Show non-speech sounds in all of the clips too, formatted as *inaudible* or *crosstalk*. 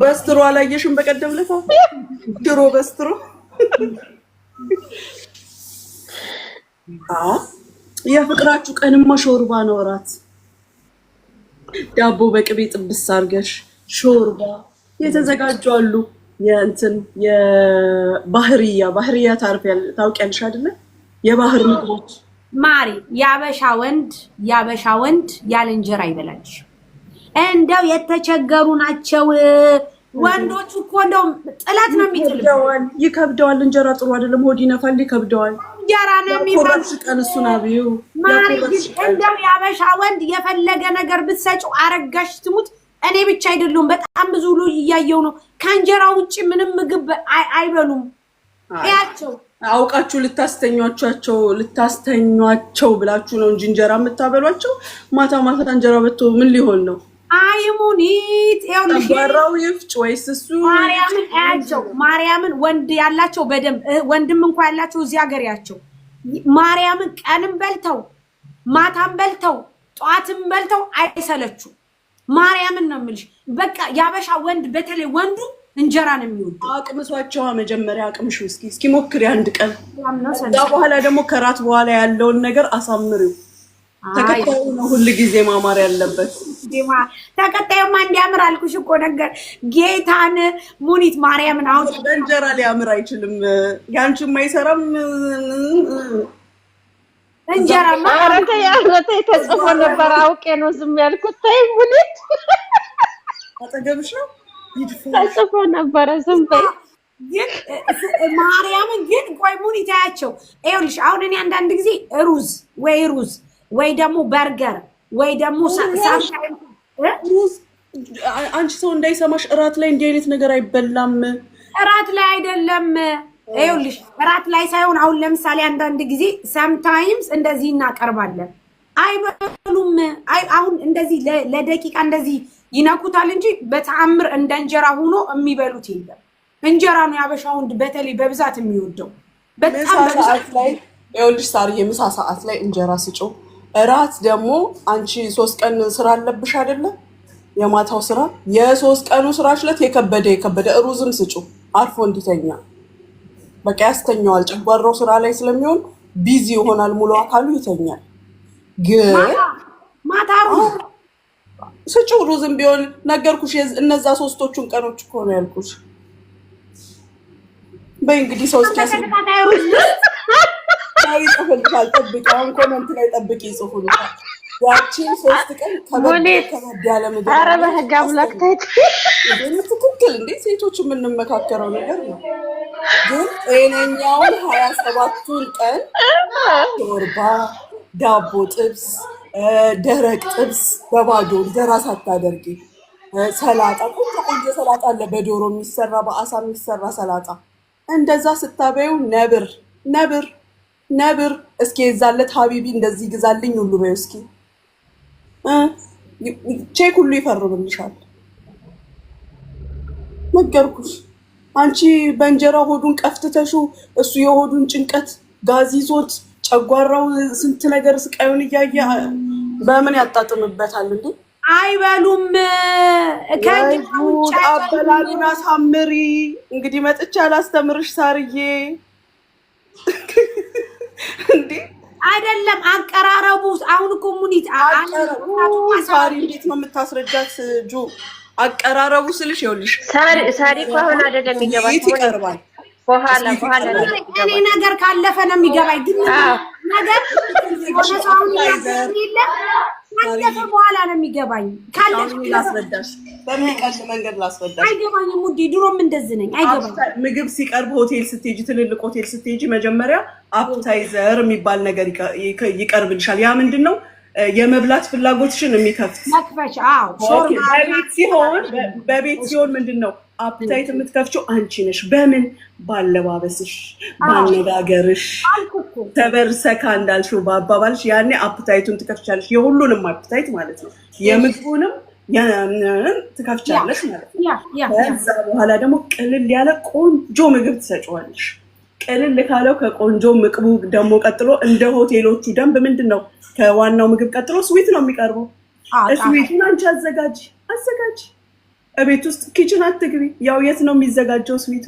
በስትሮ አላየሽም? በቀደም ለታ ድሮ በስትሮ የፍቅራችሁ ቀንማ ሾርባ ነው። እራት ዳቦ በቅቤ ጥብስ አድርገሽ ሾርባ የተዘጋጁ አሉ። የእንትን የባህርያ ባህርያ ታውቂያለሽ አይደለ? የባህር ምግቦች ማሪ። ያበሻ ወንድ ያበሻ ወንድ ያለ እንጀራ ይበላልሽ። እንደው የተቸገሩ ናቸው። ወንዶቹ እኮ እንደው ጥላት ነው የሚጥልብን። ይከብደዋል። እንጀራ ጥሩ አይደለም፣ ሆድ ይነፋል፣ ይከብደዋል። እንጀራ ነው የሚቀን እሱን አብዩ እንደው ያበሻ ወንድ የፈለገ ነገር ብትሰጪው አረጋሽ ትሙት። እኔ ብቻ አይደለሁም፣ በጣም ብዙ ሉ እያየው ነው። ከእንጀራ ውጭ ምንም ምግብ አይበሉም። ያቸው አውቃችሁ ልታስተኛቸው ልታስተኛቸው ብላችሁ ነው እንጂ እንጀራ የምታበሏቸው። ማታ ማታ እንጀራ በቶ ምን ሊሆን ነው? አይሙኒት ይፍጭ ወይስ እሱ ማርያምን አያቸው። ማርያምን ወንድ ያላቸው በደንብ ወንድም እንኳ ያላቸው እዚህ ሀገር ያቸው ማርያምን ቀንም በልተው ማታም በልተው ጠዋትም በልተው አይሰለችው። ማርያምን ነው የምልሽ። በቃ ያበሻ ወንድ በተለይ ወንዱ እንጀራ ነው የሚወዱ። አቅምሷቸዋ መጀመሪያ አቅምሽ እስኪ እስኪ ሞክሪ አንድ ቀን። በኋላ ደግሞ ከራት በኋላ ያለውን ነገር አሳምሪው። ተከታዩ ነው ሁል ጊዜ ማማር ያለበት። ተከታዩማ እንዲያምር አልኩሽ እኮ ነገር ጌታን ሙኒት ማርያምን አሁን በእንጀራ ሊያምር አይችልም። ያንቺም አይሰራም። እንጀራማ ኧረ ተጽፎ ነበር አውቄ ነው ዝም ያልኩት። ተይ ሙኒት አጠገብሽ ተጽፎ ነበረ ዝም በይ። ግን ማርያምን ግን ቆይ ሙኒት አያቸው። ይኸውልሽ አሁን እኔ አንዳንድ ጊዜ ሩዝ ወይ ሩዝ ወይ ደግሞ በርገር ወይ ደግሞ አንቺ ሰው እንዳይሰማሽ እራት ላይ እንዲህ አይነት ነገር አይበላም። እራት ላይ አይደለም። ይኸውልሽ እራት ላይ ሳይሆን አሁን ለምሳሌ አንዳንድ ጊዜ ሰምታይምስ እንደዚህ እናቀርባለን። አይበሉም። አሁን እንደዚህ ለደቂቃ እንደዚህ ይነኩታል እንጂ በተአምር እንደ እንጀራ ሆኖ የሚበሉት የለም። እንጀራ ነው ያበሻ ወንድ በተለይ በብዛት የሚወደው በጣም በብዛት ላይ ይኸውልሽ፣ ሳርዬ ሰዓት ላይ እንጀራ ስጮ እራት ደግሞ አንቺ ሶስት ቀን ስራ አለብሽ አይደለም? የማታው ስራ የሶስት ቀኑ ስራ ችለት የከበደ የከበደ ሩዝም ስጩ አርፎ እንዲተኛ በቃ ያስተኛዋል። ጨጓራው ስራ ላይ ስለሚሆን ቢዚ ይሆናል፣ ሙሉ አካሉ ይተኛል። ግን ማታ ስጩ ሩዝም ቢሆን ነገርኩሽ። እነዛ ሶስቶቹን ቀኖች ከሆነ ያልኩሽ። በእንግዲህ እንግዲህ ሰው እስኪያስ ላይ ይጽፍልታል። ጠብቂ፣ አሁን ኮመንት ላይ ጠብቂ ይጽፉልታል። ያቺን ሶስት ቀን ከበድ ያለ ምግብ በህግ አምላክ ትክክል እንዴ! ሴቶች የምንመካከረው ነገር ነው። ግን ጤነኛውን ሀያ ሰባቱን ቀን ሾርባ፣ ዳቦ ጥብስ፣ ደረቅ ጥብስ በባዶ እንጀራ ሳታደርጊ ሰላጣ፣ ቆንጆ ቆንጆ ሰላጣ አለ፣ በዶሮ የሚሰራ በአሳ የሚሰራ ሰላጣ። እንደዛ ስታበዩ ነብር ነብር ነብር እስኪ የዛለት ሀቢቢ እንደዚህ ግዛልኝ ሁሉ በይው እስኪ ቼክ ሁሉ ይፈርምልሻል። ነገርኩሽ። አንቺ በእንጀራ ሆዱን ቀፍትተሽው እሱ የሆዱን ጭንቀት ጋዝ ይዞት ጨጓራው ስንት ነገር ስቃዩን እያየ በምን ያጣጥምበታል እንዴ? አይበሉም። አበላሉን አሳምሪ። እንግዲህ መጥቻ አላስተምርሽ ሳርዬ አይደለም አቀራረቡ። አሁን ኮሙኒቲ ሳሪ እንዴት ነው የምታስረጃት? ጁ አቀራረቡ ስልሽ ይኸውልሽ፣ ሳሪ ሳሪ እኮ አይደለም የሚገባው ይቀርባል። በኋላ በኋላ እኔ ነገር ካለፈ ነው የሚገባኝ። ግን ነገር ሆነ ሰው አሁን ያለ ካለፈ በኋላ ነው የሚገባኝ። በሚቀል መንገድ ላስረዳሽ። አይገባኝም ውዴ፣ ድሮም እንደዚህ ነኝ። ምግብ ሲቀርብ ሆቴል ስትሄጂ፣ ትልልቅ ሆቴል ስትሄጂ መጀመሪያ አፕታይዘር የሚባል ነገር ይቀርብልሻል። ያ ምንድን ነው? የመብላት ፍላጎትሽን የሚከፍት በቤት ሲሆን በቤት ሲሆን ምንድን ነው አፕታይት የምትከፍችው አንቺ ነሽ። በምን ባለባበስሽ፣ ባነጋገርሽ፣ ተበርሰካ እንዳልሽው በአባባልሽ ያኔ አፕታይቱን ትከፍቻለሽ። የሁሉንም አፕታይት ማለት ነው የምግቡንም ትከፍቻለሽ ማለት ነው። ከዛ በኋላ ደግሞ ቅልል ያለ ቆንጆ ምግብ ትሰጪዋለሽ። ቅልል ካለው ከቆንጆ ምግቡ ደግሞ ቀጥሎ እንደ ሆቴሎቹ ደንብ ምንድን ነው? ከዋናው ምግብ ቀጥሎ ስዊት ነው የሚቀርበው። ስዊቱን አንቺ አዘጋጅ አዘጋጅ እቤት ውስጥ ኪችን አትግቢ። ያው የት ነው የሚዘጋጀው? ስዊቱ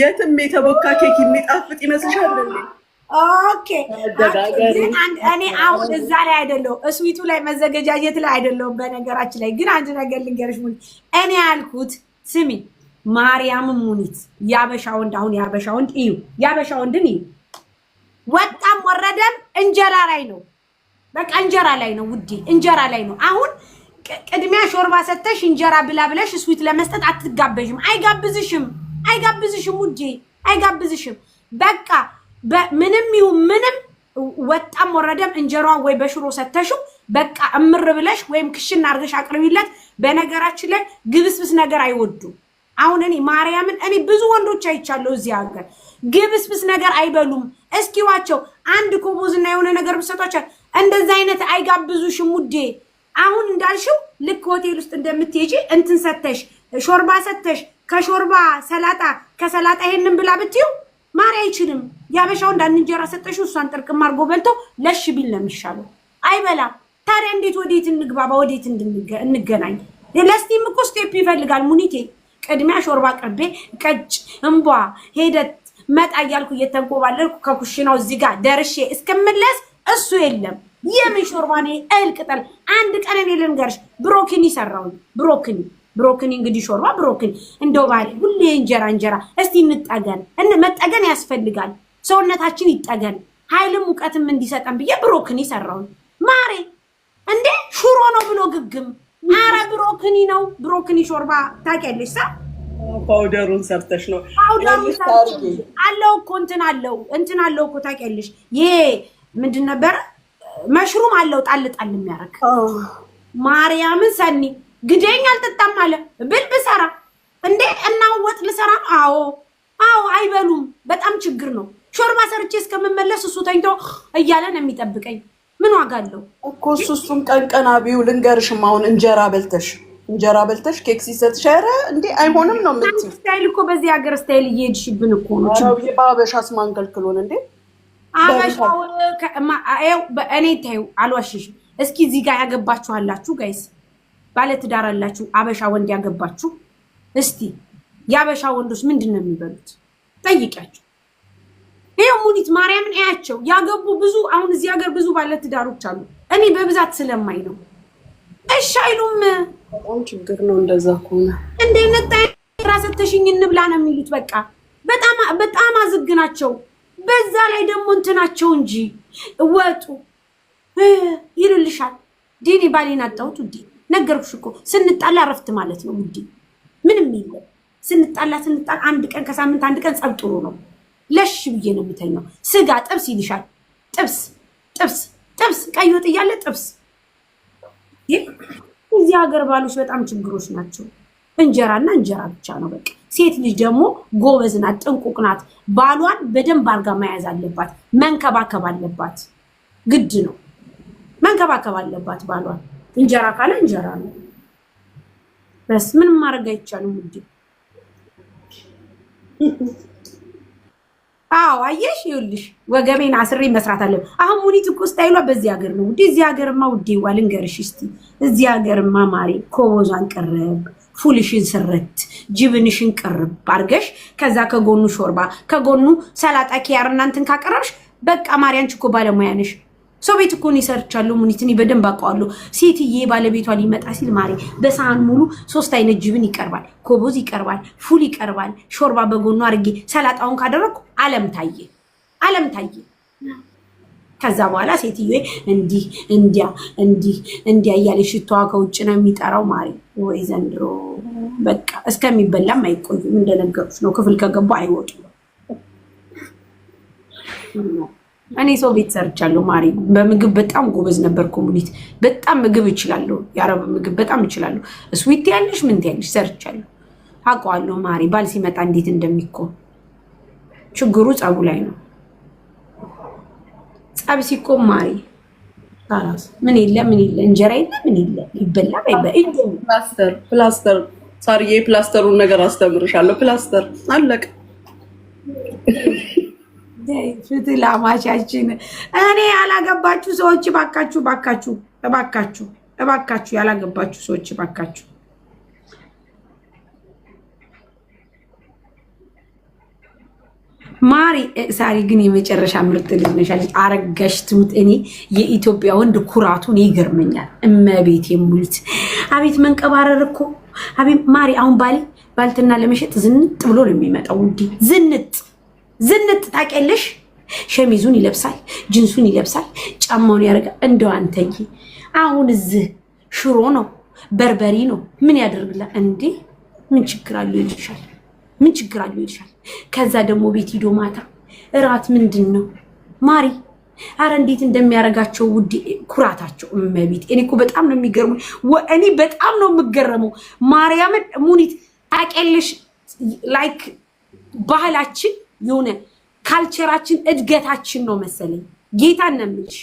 የትም የተቦካ ኬክ የሚጣፍጥ ይመስልሻል? ኦኬ እኔ አሁን እዛ ላይ አይደለሁም፣ እስዊቱ ላይ መዘገጃጀት ላይ አይደለሁም። በነገራችን ላይ ግን አንድ ነገር ልንገርሽ ሙኒት፣ እኔ ያልኩት ስሚ፣ ማርያምም ሙኒት፣ ያበሻ ወንድ አሁን ያበሻ ወንድ እዩ፣ ያበሻ ወንድን እዩ፣ ወጣም ወረደም እንጀራ ላይ ነው በቃ እንጀራ ላይ ነው ውዴ፣ እንጀራ ላይ ነው። አሁን ቅድሚያ ሾርባ ሰተሽ እንጀራ ብላ ብለሽ ስዊት ለመስጠት አትጋበዥም። አይጋብዝሽም፣ አይጋብዝሽም ውዴ፣ አይጋብዝሽም። በቃ ምንም ይሁን ምንም ወጣም ወረደም እንጀራ ወይ በሽሮ ሰተሽው በቃ እምር ብለሽ ወይም ክሽና አርገሽ አቅርቢለት። በነገራችን ላይ ግብስብስ ነገር አይወዱም። አሁን እኔ ማርያምን እኔ ብዙ ወንዶች አይቻለሁ እዚህ ሀገር ግብስብስ ነገር አይበሉም። እስኪዋቸው አንድ ኮቦዝና የሆነ ነገር ብሰጧቸው እንደዚህ አይነት አይጋብዙሽም ውዴ። አሁን እንዳልሽው ልክ ሆቴል ውስጥ እንደምትሄጂ እንትን ሰተሽ ሾርባ ሰተሽ ከሾርባ ሰላጣ ከሰላጣ ይሄንን ብላ ብትዩ ማሪ አይችልም። ያበሻው አንድ እንጀራ እሷን ጥርቅም አድርጎ በልቶ ለሽ ቢል ነው የሚሻለው። አይበላም። ታዲያ እንዴት ወዴት እንግባባ? ወዴት እንገናኝ? ለስቲም እኮ ስቴፕ ይፈልጋል ሙኒቴ። ቅድሚያ ሾርባ ቅርቤ ቀጭ እምቧ ሄደት መጣ እያልኩ እየተንቆባለልኩ ከኩሽናው እዚህ ጋር ደርሼ እስከምለስ እሱ የለም። የምን ሾርባ ነው? እልቅጠል አንድ ቀን እኔ ልንገርሽ፣ ብሮክኒ ሰራሁኝ። ብሮክኒ ብሮክኒ፣ እንግዲህ ሾርባ ብሮክኒ። እንደው ባህሪ ሁሌ እንጀራ እንጀራ። እስቲ እንጠገን፣ መጠገን ያስፈልጋል። ሰውነታችን ይጠገን፣ ኃይልም ሙቀትም እንዲሰጠን ብዬ ብሮክኒ ሰራሁኝ። ማሬ እንዴ ሹሮ ነው ብሎ ግግም። አረ ብሮክኒ ነው ብሮክኒ ሾርባ ታውቂያለሽ? ሳ ፓውደሩን ሰርተሽ ነው? ፓውደሩን ሰርተሽ አለው እኮ እንትን አለው እንትን አለው እኮ ታውቂያለሽ ይሄ ምንድን ነበረ መሽሩም አለው ጣል ጣል የሚያደርግ ማርያምን ሰኒ ግዴኝ አልጠጣም አለ ብል ብሰራ እንዴ እናወጥ ልሰራ አዎ አዎ አይበሉም በጣም ችግር ነው ሾርባ ሰርቼ እስከምመለስ እሱ ተኝቶ እያለ ነው የሚጠብቀኝ ምን ዋጋ አለው እኮ እሱ እሱም ቀን ቀን ልንገርሽም አሁን እንጀራ በልተሽ እንጀራ በልተሽ ኬክ ሲሰጥሽ ኧረ እንዴ አይሆንም ነው የምትይው ስታይል እኮ በዚህ ሀገር ስታይል እየሄድሽብን እኮ ነው ባበሻስ ማንከልክሎን እንዴ አበሻው እኔ ታዩ አልዋሽሽም። እስኪ እዚህ ጋር ያገባችሁ አላችሁ ጋይስ፣ ባለትዳር አላችሁ፣ አበሻ ወንድ ያገባችሁ እስቲ የአበሻ ወንዶች ምንድን ነው የሚበሉት? ጠይቂያቸው። ይኸው ሙኒት ማርያምን እያቸው ያገቡ ብዙ አሁን እዚህ ሀገር ብዙ ባለትዳሮች አሉ። እኔ በብዛት ስለማይ ነው። እሺ አይሉም። በጣም ችግር ነው እንደዛ ከሆነ። እንደ ነጣ ራሰተሽኝ እንብላ ነው የሚሉት። በቃ በጣም በጣም አዝግ ናቸው። በዛ ላይ ደግሞ እንትናቸው እንጂ ወጡ ይልልሻል። ዲኒ ባሌን አጣሁት ውዴ፣ ነገርኩሽ እኮ ስንጣላ እረፍት ማለት ነው ውዴ። ምንም የለም ስንጣላ ስንጣላ፣ አንድ ቀን ከሳምንት አንድ ቀን ጸብ ጥሩ ነው። ለሽ ብዬ ነው የምተኛው። ስጋ ጥብስ ይልሻል። ጥብስ ጥብስ ጥብስ፣ ቀይ ወጥ እያለ ጥብስ። እዚህ ሀገር ባሎች በጣም ችግሮች ናቸው። እንጀራና እንጀራ ብቻ ነው በቃ። ሴት ልጅ ደግሞ ጎበዝ ናት፣ ጥንቁቅ ናት። ባሏን በደንብ አርጋ መያዝ አለባት፣ መንከባከብ አለባት። ግድ ነው መንከባከብ አለባት ባሏን። እንጀራ ካለ እንጀራ ነው በስ ምንም ማድረግ አይቻልም። ውድ አዎ አየሽ፣ ይኸውልሽ ወገቤን አስሬ መስራት አለ። አሁን ሙኒት እኮ ስታይሏ በዚህ ሀገር ነው ውዴ። እዚህ ሀገርማ ውዴ ዋልንገርሽ እስቲ እዚህ ሀገርማ ማሬ ኮቦዟን ቀረብ ፉልሽን ስረት ጅብንሽን ቅርብ አድርገሽ ከዛ ከጎኑ ሾርባ ከጎኑ ሰላጣ ኪያር እናንትን ካቀረብሽ በቃ ማርያንች እኮ ባለሙያ ነሽ። ሰው ቤት እኮ ይሰርቻሉ ሙኒትን በደንብ አውቀዋለሁ። ሴትዬ ባለቤቷ ሊመጣ ሲል ማሪ በሰሃን ሙሉ ሶስት አይነት ጅብን ይቀርባል፣ ኮቦዝ ይቀርባል፣ ፉል ይቀርባል። ሾርባ በጎኑ አድርጌ ሰላጣውን ካደረግኩ አለም ታየ አለም ታየ። ከዛ በኋላ ሴትዮ እንዲህ እንዲያ እንዲህ እንዲያ እያለ ሽቷዋ ከውጭ ነው የሚጠራው። ማሪ ወይ ዘንድሮ በቃ እስከሚበላም አይቆዩም። እንደነገሩት ነው፣ ክፍል ከገቡ አይወጡም። እኔ ሰው ቤት ሰርቻለሁ። ማሪ በምግብ በጣም ጎበዝ ነበር። ኮሙኒቲ በጣም ምግብ እችላለሁ፣ የአረብ ምግብ በጣም እችላለሁ። ስዊት ያለሽ ምንት ያለሽ ሰርቻለሁ፣ አውቀዋለሁ። ማሪ ባል ሲመጣ እንዴት እንደሚኮ ችግሩ ጸቡ ላይ ነው። ጸብ ሲቆም ማሪ ምን የለ ምን የለ እንጀራ የለ ምን የለ ይበላል። ፕላስተር ፕላስተር ሳርዬ ፕላስተሩን ነገር አስተምርሻለሁ። ፕላስተር አለቀ። ፍትህ ላማቻችን። እኔ ያላገባችሁ ሰዎች እባካችሁ እባካችሁ እባካችሁ እባካችሁ ያላገባችሁ ሰዎች እባካችሁ ማሪ ሳሪ ግን የመጨረሻ ምርጥ ልጅ ነሻለች። አረጋሽ ትሙት እኔ የኢትዮጵያ ወንድ ኩራቱን ይገርመኛል። እመቤት የሙሉት አቤት መንቀባረር እኮ አቤት ማሪ። አሁን ባሌ ባልትና ለመሸጥ ዝንጥ ብሎ ነው የሚመጣው። ውዴ ዝንጥ ዝንጥ ታውቂያለሽ። ሸሚዙን ይለብሳል፣ ጅንሱን ይለብሳል፣ ጫማውን ያደርጋል። እንደው አንተዬ አሁን እዚህ ሽሮ ነው በርበሪ ነው ምን ያደርግላል እንዴ? ምን ችግር አለው ይልሻል። ምን ችግር አለው ይልሻል። ከዛ ደግሞ ቤት ሂዶ ማታ እራት ምንድን ነው ማሪ አረ እንዴት እንደሚያደርጋቸው ውድ ኩራታቸው እመቤት። እኔ እኮ በጣም ነው የሚገርሙ። እኔ በጣም ነው የምገረመው። ማርያምን ሙኒት ታውቂያለሽ፣ ላይክ ባህላችን የሆነ ካልቸራችን እድገታችን ነው መሰለኝ። ጌታ እነምልሽ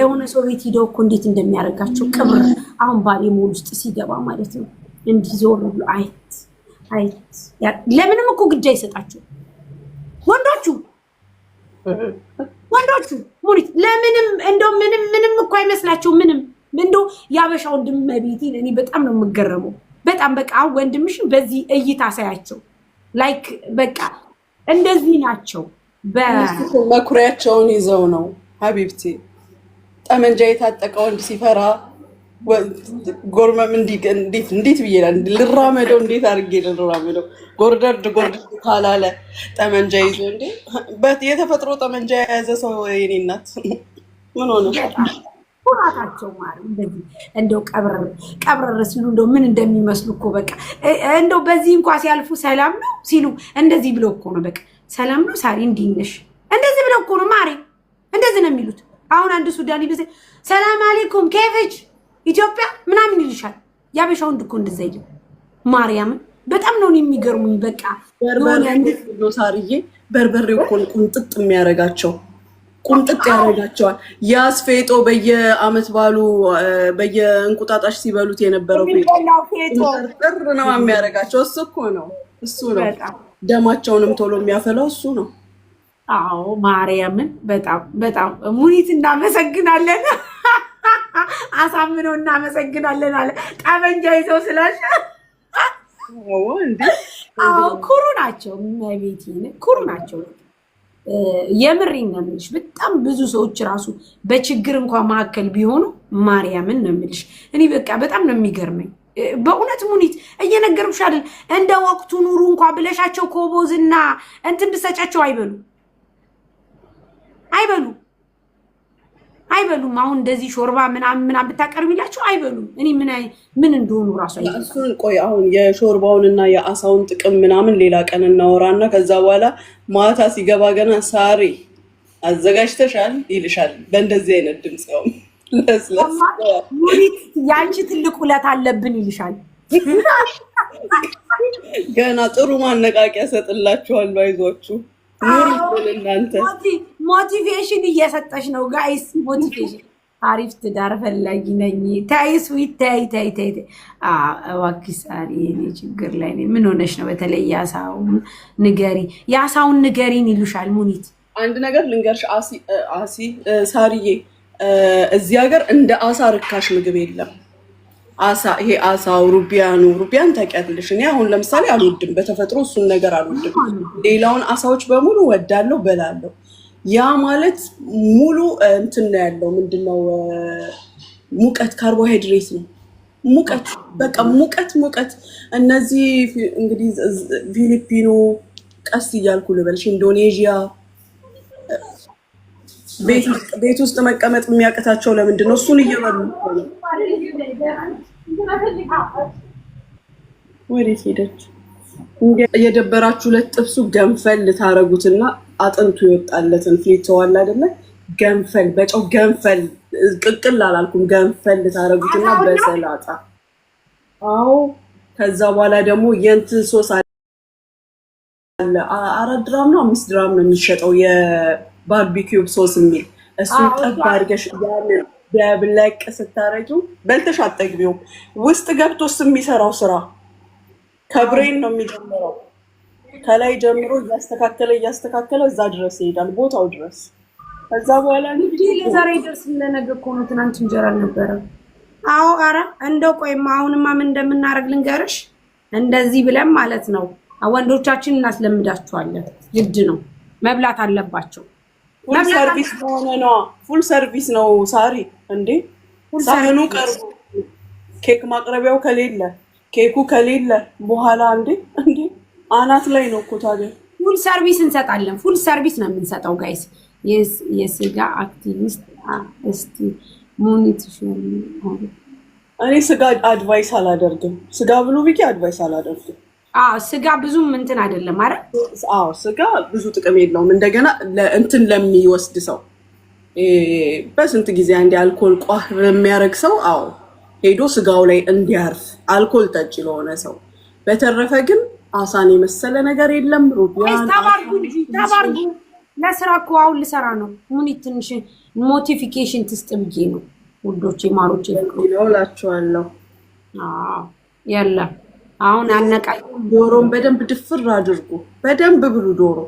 የሆነ ሰው ቤት ሂደው እኮ እንዴት እንደሚያደርጋቸው ቅብር። አሁን ባሌ ሞል ውስጥ ሲገባ ማለት ነው እንዲህ ዞር ብሎ አየት ለምንም እኮ ግድ አይሰጣችሁ ወንዶቹ ወንዶቹ ሙኒት ለምንም እንደው ምንም ምንም እኮ አይመስላችሁ ምንም እንደው የአበሻ ወንድም ቤቴን እኔ በጣም ነው የምገረመው። በጣም በቃ ወንድምሽን በዚህ እይታ ሳያቸው ላይክ በቃ እንደዚህ ናቸው። መኩሪያቸውን ይዘው ነው ሀቢብቴ ጠመንጃ የታጠቀ ወንድ ሲፈራ ጎርመም እንዴት እንዴት ብዬ ልራመደው? እንዴት አድርጌ ልራመደው? ጎርደርድ ጎርደርድ ካላለ ጠመንጃ ይዞ እንዴ! የተፈጥሮ ጠመንጃ የያዘ ሰው የኔ እናት *laughs* ምን ሆነ? ኩራታቸው ማር እንደዚህ እንደው ቀብረር ቀብረር ሲሉ እንደው ምን እንደሚመስሉ እኮ በቃ እንደው በዚህ እንኳ ሲያልፉ ሰላም ነው ሲሉ እንደዚህ ብለው እኮ ነው በቃ ሰላም ነው ሳሪ እንዲነሽ እንደዚህ ብለው እኮ ነው ማሬ፣ እንደዚህ ነው የሚሉት። አሁን አንድ ሱዳኒ ሰላም አሌይኩም ኬፍች ኢትዮጵያ ምናምን ይልሻል። ያበሻ ወንድ እኮ እንደዚያ ማርያምን በጣም ነው የሚገርሙኝ። በቃ ሳርዬ በርበሬ እኮ ቁንጥጥ የሚያደርጋቸው ቁንጥጥ ያደርጋቸዋል። ያስ ፌጦ በየአመት ባሉ በየእንቁጣጣሽ ሲበሉት የነበረው ፌጦጥር ነው የሚያደርጋቸው። እሱ እኮ ነው እሱ ነው ደማቸውንም ቶሎ የሚያፈላው እሱ ነው። አዎ ማርያምን በጣም በጣም ሙኒት እናመሰግናለን። አሳምነው እናመሰግናለን አለ። ጠመንጃ ይዘው ስላለ ኩሩ ናቸው። መቤት ኩሩ ናቸው። የምሬን ነው የምልሽ። በጣም ብዙ ሰዎች ራሱ በችግር እንኳ መካከል ቢሆኑ ማርያምን ነው የምልሽ። እኔ በቃ በጣም ነው የሚገርመኝ በእውነት ሙኒት እየነገርኩሽ አይደል? እንደ ወቅቱ ኑሩ እንኳ ብለሻቸው ኮቦዝና እንትን ብሰጫቸው አይበሉ አይበሉ አይበሉም። አሁን እንደዚህ ሾርባ ምናምን ምናምን ብታቀርቢላቸው አይበሉም። እኔ ምን ምን እንደሆኑ ራሱ እሱን ቆይ፣ አሁን የሾርባውን እና የአሳውን ጥቅም ምናምን ሌላ ቀን እናወራና ከዛ በኋላ ማታ ሲገባ ገና ሳሪ አዘጋጅተሻል ይልሻል። በእንደዚህ አይነት ድምፅ ነው ያንቺ ትልቅ ውለት አለብን ይልሻል። ገና ጥሩ ማነቃቂያ ሰጥላችኋለሁ፣ አይዟችሁ ሞቲቬሽን እየሰጠች ነው ጋይስ። ሞቲቬሽን አሪፍ ትዳር ፈላጊ ነኝ። ታይ ስዊት ታይ ታይ ታይ እባክሽ ሳሪ፣ እኔ ችግር ላይ ነኝ። ምን ሆነሽ ነው? በተለይ ያሳውን ንገሪ፣ ያሳውን ንገሪን ይሉሻል። ሙኒት አንድ ነገር ልንገርሽ አሲ ሳሪዬ፣ እዚህ ሀገር እንደ አሳ ርካሽ ምግብ የለም። ይሄ አሳው ሩቢያኑ ሩቢያን ታውቂያለሽ? እኔ አሁን ለምሳሌ አልወድም፣ በተፈጥሮ እሱን ነገር አልወድም። ሌላውን አሳዎች በሙሉ ወዳለው በላለው። ያ ማለት ሙሉ እንትን ነው ያለው ምንድነው? ሙቀት ካርቦሃይድሬት ነው። ሙቀት በቃ ሙቀት ሙቀት። እነዚህ እንግዲህ ፊሊፒኖ፣ ቀስ እያልኩ ልበልሽ፣ ኢንዶኔዥያ ቤት ውስጥ መቀመጥ የሚያቅታቸው ለምንድን ነው? እሱን እየበሉ ወዴት ሄደች? የደበራችሁ ሁለት ጥብሱ ገንፈል ልታረጉትና አጥንቱ ይወጣለትን ፍሊተዋል አይደለ? ገንፈል በጨው ገንፈል፣ ቅቅል አላልኩም፣ ገንፈል ልታረጉትና በሰላጣ አዎ። ከዛ በኋላ ደግሞ የንት ሶስ አለ። አራት ድራም ነው አምስት ድራም ነው የሚሸጠው ባርቢኪው ሶስ የሚል እሱን ጠብ አድርገሽ ያንን ቢያብለቅ ስታረጊው በልተሽ አጠግቢውም። ውስጥ ገብቶስ የሚሰራው ስራ ከብሬን ነው የሚጀምረው። ከላይ ጀምሮ እያስተካከለ እያስተካከለ እዛ ድረስ ይሄዳል፣ ቦታው ድረስ። ከዛ በኋላ እንግዲህ ለዛሬ ደርስ ለነገ እኮ ትናንት እንጀራ አልነበረም። አዎ፣ አረ እንደው ቆይማ፣ አሁንማ ምን እንደምናደርግ ልንገርሽ። እንደዚህ ብለን ማለት ነው ወንዶቻችን እናስለምዳቸዋለን። ግድ ነው መብላት አለባቸው። ፉል ሰርቪስ ከሆነ ነው። ፉል ሰርቪስ ነው ሳሪ እንዴ ሳህኑ ቀርቦ ኬክ ማቅረቢያው ከሌለ ኬኩ ከሌለ በኋላ እንዴ እንዴ አናት ላይ ነው እኮ ታዲያ። ፉል ሰርቪስ እንሰጣለን። ፉል ሰርቪስ ነው የምንሰጠው ጋይስ። የስጋ አክቲቪስት እስቲ እኔ ስጋ አድቫይስ አላደርግም። ስጋ ብሉ ብዬ አድቫይስ አላደርግም። ስጋ ብዙም እንትን አይደለም። አረ አዎ፣ ስጋ ብዙ ጥቅም የለውም። እንደገና እንትን ለሚወስድ ሰው በስንት ጊዜ አንድ አልኮል ቋህ ለሚያደርግ ሰው አዎ፣ ሄዶ ስጋው ላይ እንዲያርፍ አልኮል ጠጭ ለሆነ ሰው። በተረፈ ግን አሳን የመሰለ ነገር የለም። ሩቢያን ለስራ እኮ አሁን ልሰራ ነው። ሙኒ ትንሽ ሞቲፊኬሽን ትስጥ ብዬ ነው። ውዶቼ ማሮቼ ነው እላችኋለሁ። የለም አሁን አነቃቂ ዶሮን በደንብ ድፍር አድርጉ። በደንብ ብሉ ዶሮ